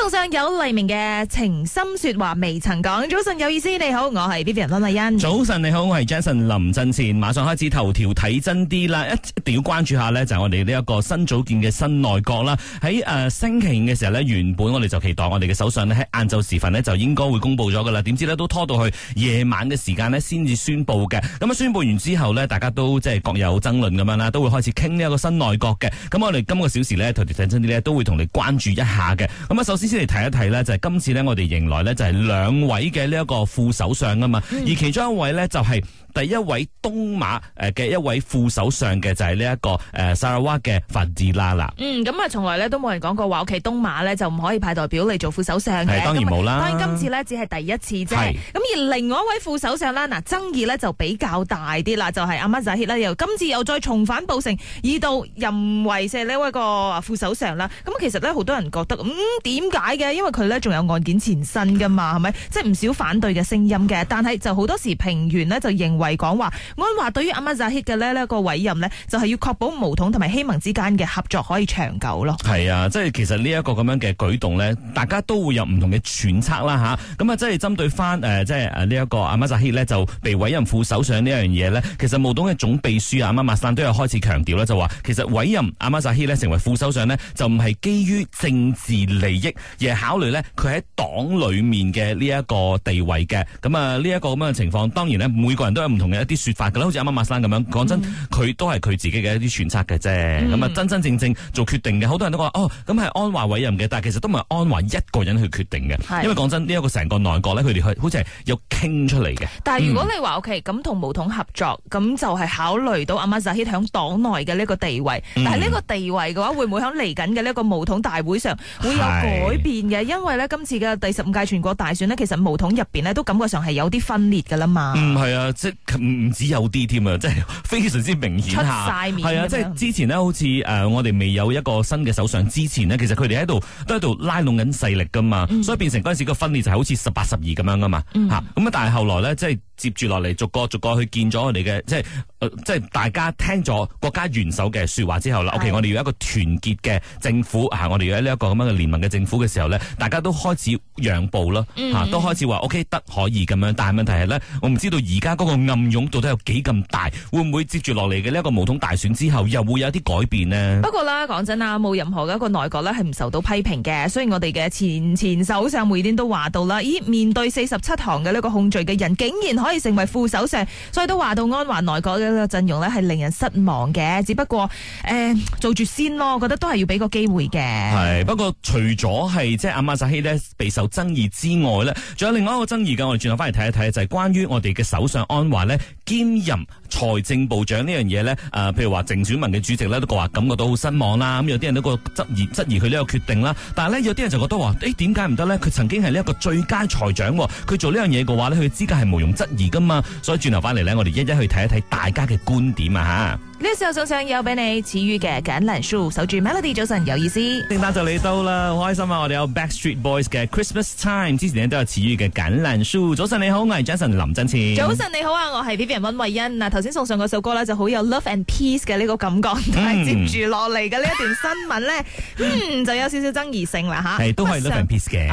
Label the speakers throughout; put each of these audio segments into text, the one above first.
Speaker 1: 早上有黎明嘅情深說話未曾講。早晨有意思，你好，我係 Vivian
Speaker 2: 溫麗欣。早晨你好，我係 Jason 林振前。馬上開始頭條睇真啲啦，一定要關注一下呢，就係我哋呢一個新組建嘅新內閣啦。喺誒星期五嘅時候呢，原本我哋就期待我哋嘅首相呢喺晏晝時分呢，就應該會公布咗噶啦，點知呢，都拖到去夜晚嘅時間呢，先至宣布嘅。咁啊宣布完之後呢，大家都即係各有爭論咁樣啦，都會開始傾呢一個新內閣嘅。咁我哋今個小時呢，頭條睇真啲呢，都會同你關注一下嘅。咁啊，首先。先嚟睇一睇咧，就係、是、今次咧，我哋迎來咧就係兩位嘅呢一個副首相噶嘛、嗯，而其中一位咧就係第一位東馬誒嘅一位副首相嘅就係呢一個誒沙拉瓦嘅法蒂拉啦。嗯，
Speaker 1: 咁啊從來咧都冇人講過話，屋企東馬咧就唔可以派代表嚟做副首相嘅。係當然冇啦。當然今次咧只係第一次啫。咁而另外一位副首相咧，嗱爭議咧就比較大啲啦，就係、是、阿馬薩希啦，又今次又再重返布城，而到任為呢一個副首相啦。咁其實咧好多人覺得咁點？嗯解嘅，因為佢咧仲有案件前身噶嘛，係咪？即係唔少反對嘅聲音嘅，但係就好多時評員呢就認為講話安華對於阿馬扎希嘅呢咧個委任呢，就係要確保巫統同埋希盟之間嘅合作可以長久咯。
Speaker 2: 係啊，即係其實呢一個咁樣嘅舉動呢，大家都會有唔同嘅揣測啦吓。咁啊，即係針對翻誒、呃，即係呢一個阿馬扎希呢，就被委任副首相呢樣嘢呢。其實巫統嘅總秘書阿、啊、馬馬生都有開始強調啦，就話其實委任阿馬扎希咧成為副首相呢，就唔係基於政治利益。而係考慮咧，佢喺黨裏面嘅呢一個地位嘅，咁啊呢一個咁樣嘅情況，當然咧，每個人都有唔同嘅一啲說法噶啦，好似阿啱馬生咁樣，講真，佢都係佢自己嘅一啲揣測嘅啫。咁啊真真正正做決定嘅，好多人都話哦，咁係安華委任嘅，但係其實都唔係安華一個人去決定嘅，因為講真呢一個成個內閣咧，佢哋好似係有傾出嚟嘅。但係如果你
Speaker 1: 話 O K，咁同巫統合作，咁就係考慮到阿馬扎希響黨內嘅呢個地位，嗯、但係呢個地位嘅話，會唔會響嚟緊嘅呢一個巫統大會上會有.改變嘅，因為咧今次嘅第十五屆全國大選呢，其實巫統入邊呢，都感覺上係有啲分裂噶啦嘛。唔、嗯、
Speaker 2: 係啊，即係唔唔止有啲添啊，即係非常之明顯晒面。係啊，即係之前呢，嗯、好似誒、呃、我哋未有一個新嘅首相之前呢，其實佢哋喺度都喺度拉攏緊勢力噶嘛、嗯，所以變成嗰陣時個分裂就係好似十八十二咁樣噶嘛。吓、嗯、咁啊，但係後來咧即係。接住落嚟，逐個逐個去見咗我哋嘅，即係、呃、即係大家聽咗國家元首嘅說話之後啦。O.K. 我哋要一個團結嘅政府，啊、我哋要呢一個咁樣嘅聯盟嘅政府嘅時候呢，大家都開始讓步囉，啊 mm-hmm. 都開始話 O.K. 得可以咁樣。但係問題係呢，我唔知道而家嗰個暗湧到底有幾咁大，會唔會接住落嚟嘅呢一個無痛大選之後，又會有啲改變呢？不
Speaker 1: 過啦，講真啊，冇任何一個內閣呢係唔受到批評嘅。雖然我哋嘅前前首相梅甸都話到啦，咦，面對四十七行嘅呢個控罪嘅人，竟然可以成為副首相，所以都話到安華內閣嘅一個陣容咧，係令人失望嘅。只不過誒、呃，做住先咯，覺得都係要俾個機會嘅。
Speaker 2: 係不過除了是，除咗係即係阿馬薩希呢備受爭議之外呢，仲有另外一個爭議嘅，我哋轉頭翻嚟睇一睇，就係、是、關於我哋嘅首相安華呢兼任財政部長呢樣嘢呢。誒、呃，譬如話鄭選民嘅主席呢，都話感覺到好失望啦。咁有啲人都覺得質疑質疑佢呢個決定啦。但係呢，有啲人就覺得話，誒點解唔得呢？佢曾經係呢一個最佳財長，佢做呢樣嘢嘅話呢，佢資格係無容置疑。而噶嘛，所以轉頭翻嚟咧，我哋一一去睇一睇大家嘅觀點啊嚇。
Speaker 1: 呢一首送上有俾你此的書，子宇嘅簡蘭書守住 Melody 早晨有意思。聖誕就
Speaker 2: 嚟到啦，好開心啊！我哋有 Backstreet Boys 嘅 Christmas Time 之前都有子宇嘅簡蘭書。早晨你好，我係 Jason 林振前。早晨
Speaker 1: 你好啊，我係 Vivian 溫慧欣。嗱，頭先送上嗰首歌咧就好有 Love and Peace 嘅呢個感覺。嗯。但係接住落嚟嘅呢一段新聞咧， 嗯就有少少爭議性啦吓。係都係 Love and Peace 嘅。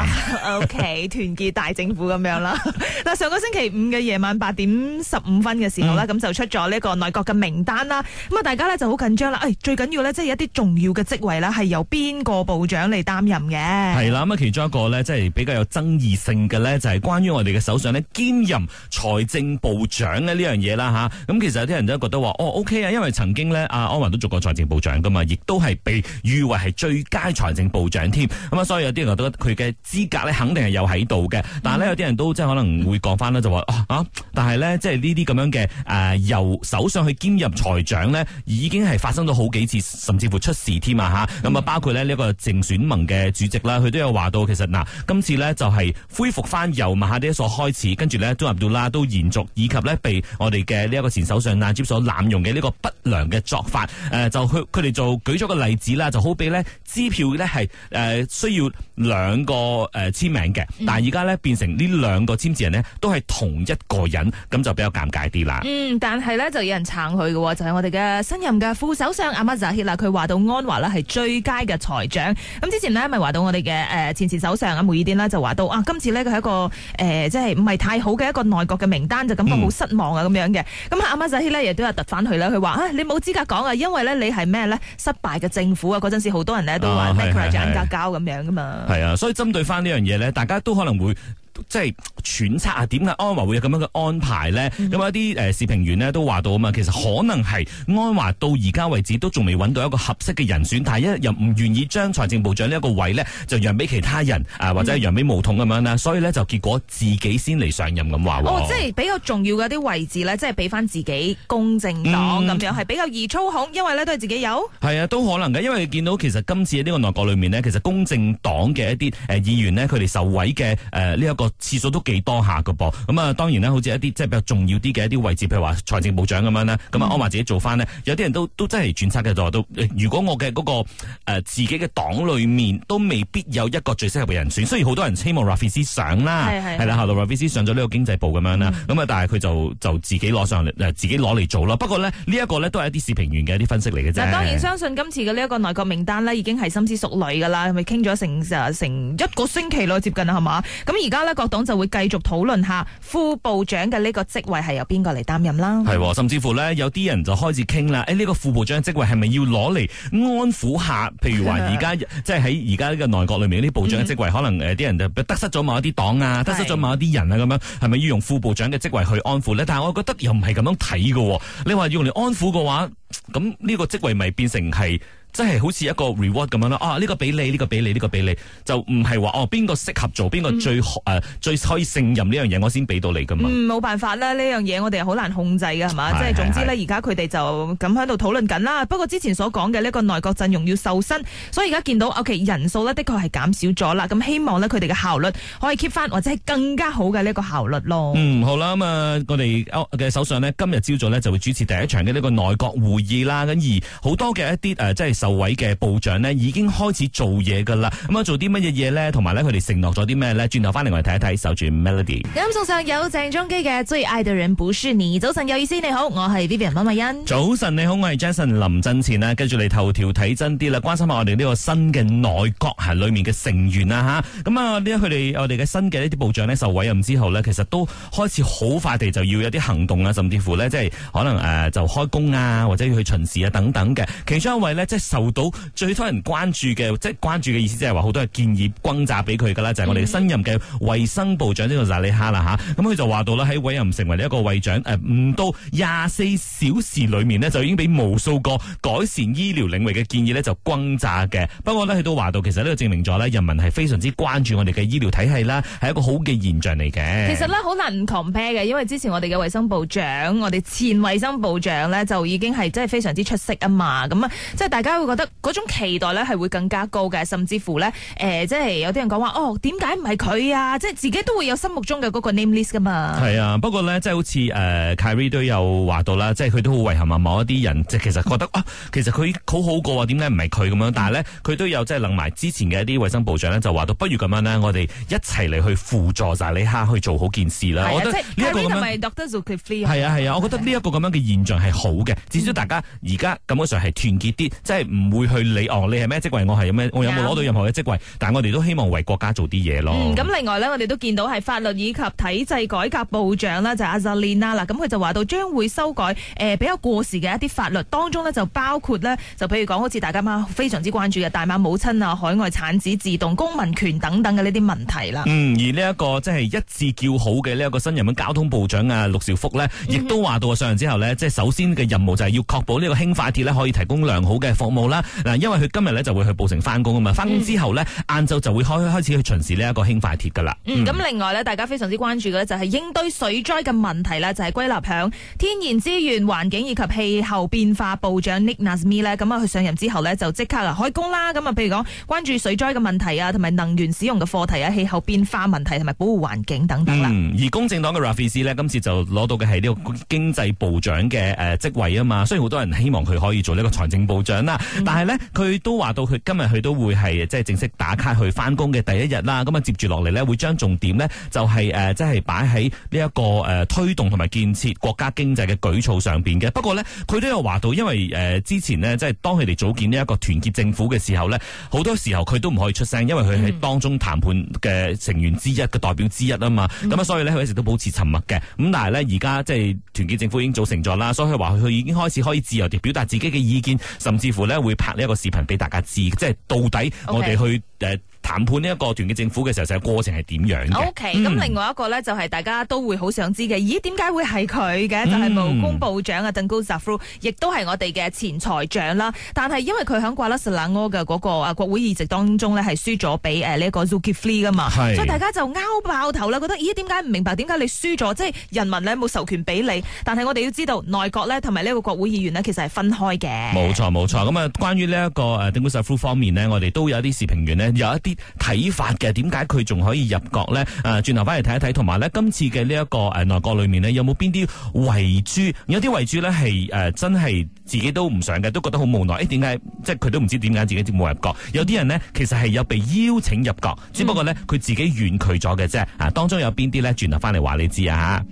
Speaker 1: O K，團結大政府咁樣啦。嗱， 上個星期五嘅夜晚八點十五分嘅時候啦咁、嗯、就出咗呢個內閣嘅名單啦。咁啊，大家咧就好緊張啦！誒、哎，最緊要咧，即係一啲重要嘅職位啦，係由邊個部長嚟擔任嘅？係啦，咁啊，
Speaker 2: 其中一個咧，即係比較有爭議性嘅咧，就係、是、關於我哋嘅首相呢兼任財政部長嘅呢樣嘢啦嚇。咁其實有啲人都覺得話，哦，OK 啊，因為曾經咧、啊，阿安華都做過財政部長噶嘛，亦都係被譽為係最佳財政部長添。咁啊，所以有啲人都覺得佢嘅資格咧，肯定係有喺度嘅。但係咧、嗯，有啲人都即係可能會講翻啦，就話啊，但係咧，即係呢啲咁樣嘅、呃、由首相去兼任財長。已經係發生咗好幾次，甚至乎出事添啊！嚇，咁啊，包括咧呢一個淨選盟嘅主席啦，佢都有話到，其實嗱、呃，今次呢就係恢復翻由馬哈迪所開始，跟住呢都入到啦，都延續以及呢被我哋嘅呢一個前首相拿督、啊、所濫用嘅呢個不良嘅作法。誒、呃，就佢佢哋就舉咗個例子啦，就好比呢支票呢係誒需要兩個誒、呃、簽名嘅，但係而家呢變成呢兩個簽字人呢都係同一個人，咁就比較尷尬啲啦。嗯，
Speaker 1: 但係呢，就有人撐佢嘅，就係、是、我哋。嘅新任嘅副首相阿馬澤希啦，佢話到安華呢係最佳嘅財長。咁之前呢咪話到我哋嘅誒前前首相阿慕爾甸呢就話到啊，今次呢佢係一個誒、呃、即係唔係太好嘅一個內閣嘅名單，就感覺好失望啊咁、嗯、樣嘅。咁阿馬澤希呢亦都有突翻去啦，佢話、啊、你冇資格講啊，因為你呢你係咩呢失敗嘅政府啊。嗰陣時好多人呢都話 Nicolas 嗌交咁樣噶嘛係啊，所以
Speaker 2: 針對翻呢樣嘢呢，大家都可能會。即係揣測啊，點解安華會有咁樣嘅安排呢？咁、嗯、啊，一啲誒視評員呢都話到啊嘛，其實可能係安華到而家為止都仲未揾到一個合適嘅人選，但係一又唔願意將財政部長呢一個位置呢就讓俾其他人啊，或者係讓俾巫統咁樣啦、嗯，所以呢，就結果自己先嚟上任咁話喎。即係
Speaker 1: 比較重要嘅一啲位置呢，即係俾翻自己公正黨咁樣，係、嗯、比較易操控，因為呢都係自己有。
Speaker 2: 係啊，都可能嘅，因為見到其實今次喺呢個內閣裏面呢，其實公正黨嘅一啲誒議員呢，佢哋受委嘅誒呢一個，次數都幾多下噶噃，咁啊當然咧，好似一啲即係比較重要啲嘅一啲位置，譬如話財政部長咁樣啦。咁啊安華自己做翻呢，有啲人都都真係轉差嘅，就話如果我嘅嗰、那個誒、呃、自己嘅黨裏面都未必有一個最適合嘅人選，雖然好多人希望 Rafizi 上啦，係係啦，後來 Rafizi 上咗呢個經濟部咁樣啦，咁、嗯、啊但係佢就就自己攞上嚟，自己攞嚟做咯。不過呢，呢、這個、一個呢，都係一啲市評員嘅一啲分析嚟嘅啫。當然相
Speaker 1: 信今次嘅呢一個內閣名單呢，已經係深思熟慮噶啦，係咪傾咗成成一個星期咯，接近啦係嘛，咁而家咧。國黨就會繼續討論下副部長嘅呢個職位係由邊個嚟擔任啦。係甚
Speaker 2: 至乎咧，有啲人就開始傾啦。誒、哎、呢、這個副部長嘅職位係咪要攞嚟安撫下？譬如話而家即係喺而家呢個內閣裏面呢啲、這個、部長嘅職位、嗯，可能誒啲人就得失咗某一啲黨啊，得失咗某一啲人啊，咁樣係咪要用副部長嘅職位去安撫咧？但係我覺得又唔係咁樣睇噶。你話要用嚟安撫嘅話，咁呢個職位咪變成係……即係好似一個 reward 咁樣啦啊，呢、這個俾你，呢、這個俾你，呢、這個俾你，就唔係話哦邊個適合做邊個最、嗯啊、最可以勝任呢樣嘢，我先俾到你咁啊。
Speaker 1: 冇辦法啦，呢樣嘢我哋好難控制㗎，係嘛？即係總之呢，而家佢哋就咁喺度討論緊啦。不過之前所講嘅呢個內閣陣容要瘦身，所以而家見到 O.K. 人數呢的確係減少咗啦。咁希望呢，佢哋嘅效率可以 keep 翻，或者係更加好嘅呢個效率咯。嗯，
Speaker 2: 好啦，咁、嗯、啊，我哋嘅首相呢，今日朝早呢就會主持第一場嘅呢個內閣會議啦。咁而好多嘅一啲、呃、即係就位嘅部長呢已經開始做嘢噶啦。咁啊，做啲乜嘢嘢咧？同埋咧，佢哋承諾咗啲咩咧？轉頭翻嚟我哋睇一睇，守住 Melody。
Speaker 1: 咁仲上有鄭中基嘅《最愛的人不是你》。早晨，有意思你好，我係 Vivian 溫慧欣。
Speaker 2: 早晨你好，我係 Jason 林振前啊。跟住你頭條睇真啲啦，關心下我哋呢個新嘅內閣係裏面嘅成員啦吓。咁啊，呢佢哋我哋嘅新嘅呢啲部長呢，受委任之後呢，其實都開始好快地就要有啲行動啊，甚至乎呢，即係可能誒就開工啊，或者要去巡視啊等等嘅。其中一位呢，即係。受到最多人關注嘅，即係關注嘅意思，即係話好多嘅建議轟炸俾佢噶啦，就係、是、我哋新任嘅衞生部長呢個薩你哈啦吓，咁佢就話到咧，喺委任成為一個衞長，誒唔到廿四小時裏面呢，就已經俾無數個改善醫療領域嘅建議呢就轟炸嘅。不過呢，佢都話到，其實呢個證明咗咧，人民係非常之關注我哋嘅醫療體系啦，係一個好嘅現象嚟嘅。其實呢，
Speaker 1: 好難唔 compare 嘅，因為之前我哋嘅衞生部長，我哋前衞生部長呢，就已經係真係非常之出色啊嘛。咁啊，即係大家。都會覺得嗰種期待咧係會更加高嘅，甚至乎咧誒、呃，即係有啲人講話哦，點解唔係佢啊？即係自己都會有心目中嘅嗰個 name list 噶嘛。
Speaker 2: 係啊，不過咧，即係好似誒呃、Kyrie 都有話到啦，即係佢都好遺憾啊！某一啲人即係其實覺得 啊，其實佢好好過啊，點解唔係佢咁樣？嗯、但係咧，佢都有即係諗埋之前嘅一啲衛生部長咧，就話到不如咁樣咧，我哋一齊嚟去輔助晒你克去做好件事啦、啊。我覺得呢一個咁樣嘅、啊啊啊啊啊、現象係好嘅、啊啊啊，至少大家而家感覺上係團結啲、嗯，即係。唔會去理哦，你係咩職位，我係咩，我有冇攞到任何嘅職位？但係我哋都希望為國家做啲嘢咯。咁、
Speaker 1: 嗯、另外呢，我哋都見到係法律以及體制改革部長啦，就阿沙煉啦，嗱，咁佢就話到將會修改誒、呃、比較過時嘅一啲法律，當中呢，就包括呢，就譬如講好似大家非常之關注嘅大馬母親啊、海外產子自動公民權等等嘅呢啲問題啦、
Speaker 2: 嗯。而呢、這個、一個即係一致叫好嘅呢一個新人嘅交通部長啊，陸兆福呢，亦都話到上任之後呢，即係首先嘅任務就係要確保呢個輕快鐵呢，可以提供良好嘅服。冇啦，嗱，因為佢今日咧就會去布城翻工啊嘛，翻工之後咧，晏晝就會開開始去巡視呢一個輕快鐵噶啦。咁、
Speaker 1: 嗯、另外咧，大家非常之關注嘅就係應對水災嘅問題咧，就係歸納響天然資源、環境以及氣候變化部長 Nik Nazmi 咁啊，佢上任之後呢，就即刻啊開工啦。咁啊，譬如講關注水災嘅問題啊，同埋能源使用嘅課題啊，氣候變化問題同埋保護環境等等啦、
Speaker 2: 嗯。而公正黨嘅 Rafizi 今次就攞到嘅係呢個經濟部長嘅誒職位啊嘛，雖然好多人希望佢可以做呢個財政部長啦。嗯、但係呢，佢都話到佢今日佢都會係即係正式打卡去翻工嘅第一日啦。咁、嗯、啊，接住落嚟呢，會將重點呢就係、是、誒，即係擺喺呢一個誒、呃、推動同埋建設國家經濟嘅舉措上邊嘅。不過呢，佢都有話到，因為誒、呃、之前呢，即、就、係、是、當佢哋組建呢一個團結政府嘅時候呢，好多時候佢都唔可以出聲，因為佢係當中談判嘅成員之一嘅、嗯、代表之一啊嘛。咁、嗯、啊，所以呢，佢一直都保持沉默嘅。咁但係呢，而家即係團結政府已經組成咗啦，所以佢話佢已經開始可以自由地表達自己嘅意見，甚至乎呢。會拍呢一個視頻俾大家知道，即係到底我哋去誒。Okay. 談判呢一個團結政府嘅時候，過程係點樣？OK，咁另外
Speaker 1: 一個咧，就係大家都會好想知嘅。咦，點解會係佢嘅？就係、是、貿工部長啊 Tengku Zafrul 亦都係我哋嘅前財長啦。但係因為佢喺 Kuala Selangor 嘅嗰個啊國會議席當中呢，係輸咗俾呢個個 Dzulkefly
Speaker 2: 噶嘛，所以大
Speaker 1: 家就拗爆頭啦，覺得咦，點解唔明白？點解你輸咗？即、就、係、是、人民呢冇授權俾你。但係我哋要知道，內閣呢同埋呢個國會議員呢，其實係分開嘅。冇
Speaker 2: 錯，冇錯。咁啊，關於呢一個誒 Tengku Zafrul 方面呢，我哋都有一啲視評員呢。有一啲。睇法嘅，點解佢仲可以入閣呢？誒、啊，轉頭翻嚟睇一睇，同埋呢今次嘅呢一個誒內閣裏面呢，有冇邊啲遺珠？有啲遺珠呢係誒、呃、真係自己都唔想嘅，都覺得好無奈。誒、欸，點解即係佢都唔知點解自己冇入閣？有啲人呢，其實係有被邀請入閣，只不過呢，佢自己婉拒咗嘅啫。啊，當中有邊啲呢？轉頭翻嚟話你知啊吓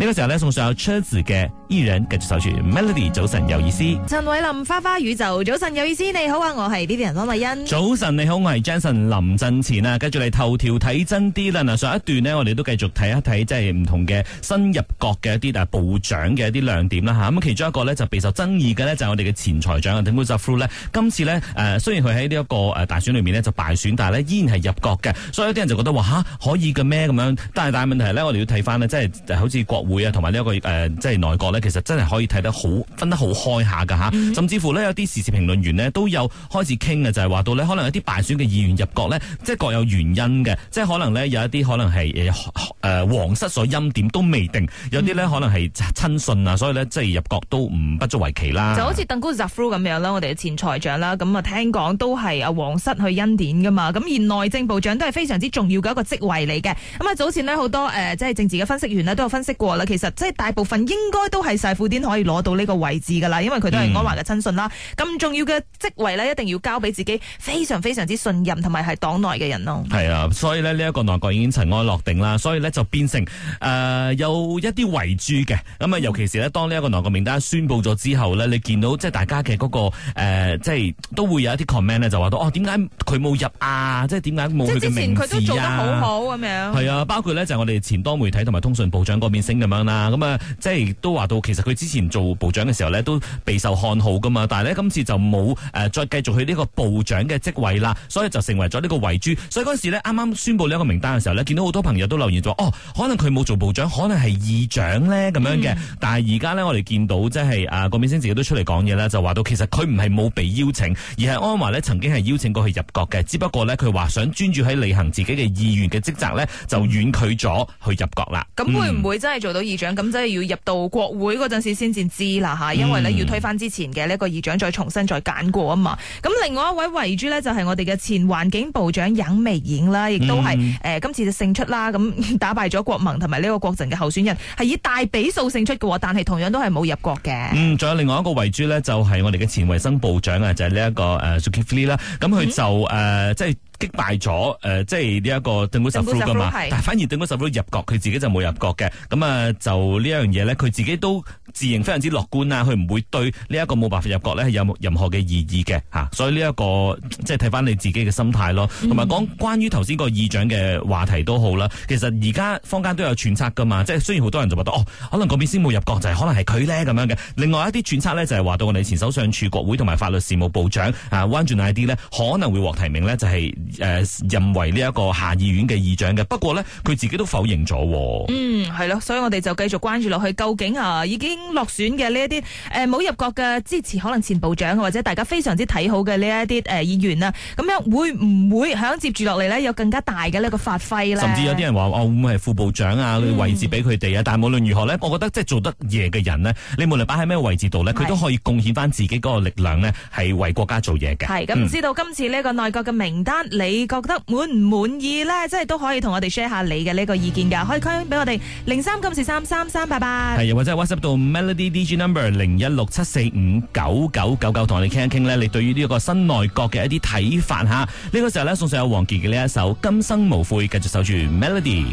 Speaker 2: 呢、這個時候咧，送上有車子嘅依然繼續守住 Melody 早晨有意思。
Speaker 1: 陳偉林花花宇宙早晨有意思，你好啊，我係呢啲人方麗欣。
Speaker 2: 早晨你好，我係 Jensen 林振前啊，繼續嚟，頭條睇真啲啦。嗱，上一段呢，我哋都繼續睇一睇，即係唔同嘅新入閣嘅一啲但部長嘅一啲亮點啦吓。咁、啊、其中一個呢，就備受爭議嘅呢，就係、是、我哋嘅前財長啊，東姑扎夫魯咧，今次呢，誒、呃、雖然佢喺呢一個誒大選裏面呢就敗選，但係呢依然係入閣嘅，所以有啲人就覺得話吓、啊、可以嘅咩咁樣。但係大係問題呢，我哋要睇翻呢，即係好似國。會啊、這個，同埋呢一個誒，即係內閣咧，其實真係可以睇得好分得好開下噶嚇，甚至乎呢，有啲時事評論員呢，都有開始傾嘅，就係話到咧，可能有啲敗選嘅議員入閣呢，即係各有原因嘅，即係可能呢，有一啲可能係誒誒皇室所欽點都未定，有啲呢可能係親信啊，所以呢，即係入閣都唔不足為奇啦。就好
Speaker 1: 似鄧高卓夫咁樣啦，我哋嘅前財長啦，咁啊聽講都係啊皇室去欽點噶嘛，咁而內政部長都係非常之重要嘅一個職位嚟嘅，咁啊早前呢，好多誒即係政治嘅分析員呢，都有分析過。其實即係大部分應該都係晒富癲可以攞到呢個位置噶啦，因為佢都係安華嘅親信啦。咁、嗯、重要嘅職位呢一定要交俾自己非常非常之信任同埋係黨內嘅人咯。
Speaker 2: 係啊，所以咧呢一個內閣已經塵埃落定啦，所以呢就變成誒、呃、有一啲遺珠嘅。咁啊，尤其是呢當呢一個內閣名單宣佈咗之後呢，你見到即係大家嘅嗰、那個誒、呃，即係都會有一啲 comment 咧，就話到哦，點解佢冇入啊？即係點解冇？即係之前佢都做得好好咁樣。係啊，啊，包括呢就我哋前多媒體同埋通訊部長嗰邊升嘅。咁啦，咁啊，即係都話到，其實佢之前做部長嘅時候咧，都備受看好噶嘛。但係咧，今次就冇誒、呃，再繼續去呢個部長嘅職位啦，所以就成為咗呢個遺珠。所以嗰陣時咧，啱啱宣布呢一個名單嘅時候咧，見到好多朋友都留言咗，哦，可能佢冇做部長，可能係議長咧咁樣嘅、嗯。但係而家咧，我哋見到即係啊，郭美興自己都出嚟講嘢啦，就話到其實佢唔係冇被邀請，而係安華咧曾經係邀請過去入閣嘅，只不過咧佢話想專注喺履行自己嘅議員嘅職責咧，就婉拒咗去入閣啦。咁會唔會
Speaker 1: 真係做？嗯到議長咁，真係要入到國會嗰陣時先至知啦吓，因為咧要推翻之前嘅呢個議長，再重新再揀過啊嘛。咁、嗯、另外一位遺珠呢，就係我哋嘅前環境部長尹美燕啦，亦都係誒、嗯呃、今次就勝出啦，咁打敗咗國盟同埋呢個國陣嘅候選人，係以大比數勝出嘅，但係同樣都係冇入國嘅。嗯，
Speaker 2: 仲有另外一個遺珠呢，就係我哋嘅前衛生部長啊，就係呢一個誒 Sukifli 啦，咁、呃、佢、嗯、就誒、呃、即係。擊敗咗誒、呃，即係呢一個鄧光十夫噶嘛，但係反而鄧光十夫入閣，佢自己就冇入閣嘅。咁、嗯、啊，就呢一樣嘢咧，佢自己都自認非常之樂觀啦。佢唔會對呢一個冇辦法入閣咧，係有任何嘅異議嘅，啊、所以呢、這、一個即係睇翻你自己嘅心態咯。同埋講關於頭先個議長嘅話題都好啦。其實而家坊間都有揣測噶嘛，即係雖然好多人就覺得哦，可能嗰邊先冇入閣，就係、是、可能係佢咧咁樣嘅。另外一啲揣測咧，就係話到我哋前首相處國會同埋法律事務部長啊，彎轉下啲咧，可能會獲提名呢，就係、是。誒、呃，任為呢一個下議院嘅議長嘅，不過呢，佢自己都否認咗、啊。嗯，
Speaker 1: 係咯，所以我哋就繼續關注落去，究竟啊已經落選嘅呢一啲誒冇入閣嘅支持，可能前部長或者大家非常之睇好嘅呢一啲誒議員啊，咁樣會唔會響接住落嚟呢？有更加大嘅呢個發揮咧？甚至有
Speaker 2: 啲人話話會唔係副部長啊，嗰位置俾佢哋啊。嗯、但係無論如何呢，我覺得即係做得嘢嘅人呢，你無論擺喺咩位置度呢，佢都可以貢獻翻自己嗰個力量呢，係為國家做嘢嘅。係咁，唔、嗯、知
Speaker 1: 道今次呢一個內閣嘅名單。你覺得滿唔滿意咧？即係都可以同我哋 share 下你嘅呢個意見噶，可以區俾我哋零三九四三三三八八，係
Speaker 2: 又或者係 WhatsApp 到 Melody D G Number 零一六七四五九九九九，同我哋傾一傾咧，你對於呢個新內閣嘅一啲睇法吓。呢、這個時候咧，送上有王傑嘅呢一首《今生無悔》，繼續守住 Melody。